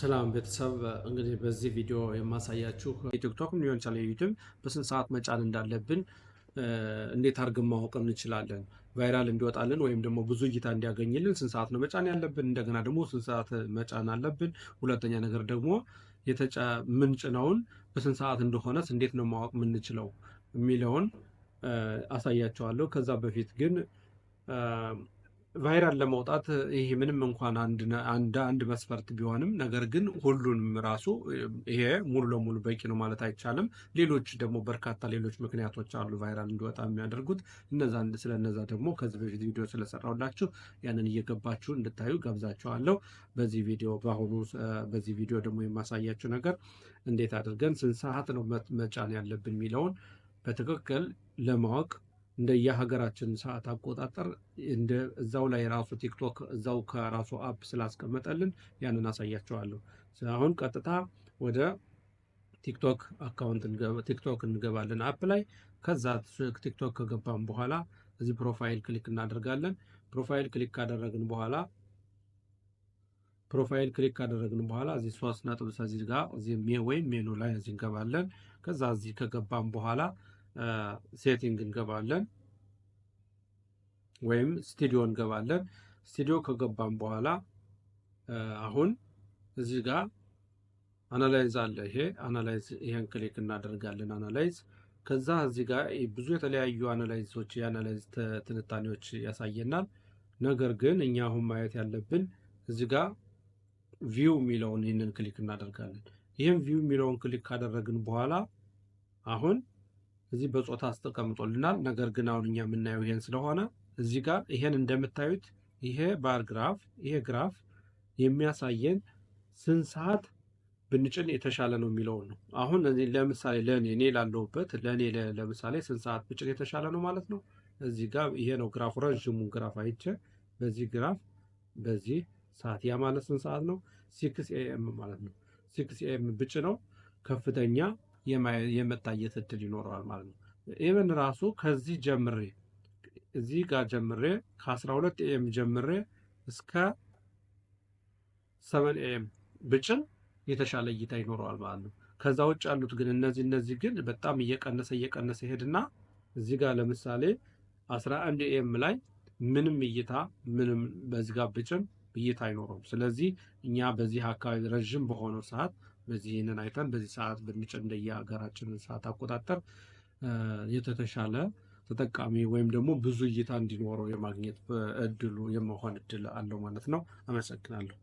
ሰላም ቤተሰብ እንግዲህ በዚህ ቪዲዮ የማሳያችሁ የቲክቶክም ሊሆን ይችላል የዩቲዩብ በስንት ሰዓት መጫን እንዳለብን እንዴት አድርገን ማወቅ እንችላለን። ቫይራል እንዲወጣልን ወይም ደግሞ ብዙ እይታ እንዲያገኝልን ስንት ሰዓት ነው መጫን ያለብን? እንደገና ደግሞ ስንት ሰዓት መጫን አለብን? ሁለተኛ ነገር ደግሞ የተጫ ምንጭነውን በስንት ሰዓት እንደሆነስ እንዴት ነው ማወቅ የምንችለው የሚለውን አሳያቸዋለሁ። ከዛ በፊት ግን ቫይራል ለመውጣት ይሄ ምንም እንኳን አንድ አንድ መስፈርት ቢሆንም ነገር ግን ሁሉንም ራሱ ይሄ ሙሉ ለሙሉ በቂ ነው ማለት አይቻልም። ሌሎች ደግሞ በርካታ ሌሎች ምክንያቶች አሉ ቫይራል እንዲወጣ የሚያደርጉት እነዛ ስለነዛ ደግሞ ከዚህ በፊት ቪዲዮ ስለሰራሁላችሁ ያንን እየገባችሁ እንድታዩ ገብዛቸዋለሁ በዚህ ቪዲዮ በአሁኑ በዚህ ቪዲዮ ደግሞ የማሳያችሁ ነገር እንዴት አድርገን ስንት ሰዓት ነው መጫን ያለብን የሚለውን በትክክል ለማወቅ እንደ የሀገራችን ሰዓት አቆጣጠር እንደ እዛው ላይ ራሱ ቲክቶክ እዛው ከራሱ አፕ ስላስቀመጠልን ያንን አሳያቸዋለሁ። አሁን ቀጥታ ወደ ቲክቶክ አካውንት ቲክቶክ እንገባለን አፕ ላይ። ከዛ ቲክቶክ ከገባን በኋላ እዚህ ፕሮፋይል ክሊክ እናደርጋለን። ፕሮፋይል ክሊክ ካደረግን በኋላ ፕሮፋይል ክሊክ ካደረግን በኋላ እዚህ ሶስት ነጥብ ሰዚህ ጋር እዚህ ሜ ወይም ሜኑ ላይ እዚህ እንገባለን። ከዛ እዚህ ከገባን በኋላ ሴቲንግ እንገባለን ወይም ስቱዲዮ እንገባለን። ስቱዲዮ ከገባን በኋላ አሁን እዚህ ጋር አናላይዝ አለ። ይሄ አናላይዝ ይሄን ክሊክ እናደርጋለን። አናላይዝ ከዛ እዚህ ጋር ብዙ የተለያዩ አናላይዞች የአናላይዝ ትንታኔዎች ያሳየናል። ነገር ግን እኛ አሁን ማየት ያለብን እዚህ ጋር ቪው የሚለውን ይህንን ክሊክ እናደርጋለን። ይህም ቪው የሚለውን ክሊክ ካደረግን በኋላ አሁን እዚህ በጾታ አስቀምጦልናል። ነገር ግን አሁን እኛ የምናየው ይሄን ስለሆነ እዚህ ጋር ይሄን እንደምታዩት ይሄ ባር ግራፍ ይሄ ግራፍ የሚያሳየን ስንት ሰዓት ብንጭን የተሻለ ነው የሚለውን ነው። አሁን ለምሳሌ ለእኔ እኔ ላለሁበት ለእኔ ለምሳሌ ስንት ሰዓት ብጭን የተሻለ ነው ማለት ነው። እዚህ ጋር ይሄ ነው ግራፉ፣ ረዥሙ ግራፍ አይቼ በዚህ ግራፍ በዚህ ሰዓት ያ ማለት ስንት ሰዓት ነው? ሲክስ ኤኤም ማለት ነው። ሲክስ ኤኤም ብጭ ነው ከፍተኛ የመታየት እድል ይኖረዋል ማለት ነው። ኢቨን ራሱ ከዚህ ጀምሬ እዚህ ጋር ጀምሬ ከ12 ኤም ጀምሬ እስከ 7 ኤም ብጭን የተሻለ እይታ ይኖረዋል ማለት ነው። ከዛ ውጭ ያሉት ግን እነዚህ እነዚህ ግን በጣም እየቀነሰ እየቀነሰ ይሄድና እዚህ ጋር ለምሳሌ 11 ኤም ላይ ምንም እይታ ምንም በዚህ ጋር ብጭን እይታ አይኖረውም። ስለዚህ እኛ በዚህ አካባቢ ረዥም በሆነው ሰዓት በዚህ ይህንን አይተን በዚህ ሰዓት ብንጭ እንደየ ሀገራችን ሰዓት አቆጣጠር የተተሻለ ተጠቃሚ ወይም ደግሞ ብዙ እይታ እንዲኖረው የማግኘት እድሉ የመሆን እድል አለው ማለት ነው። አመሰግናለሁ።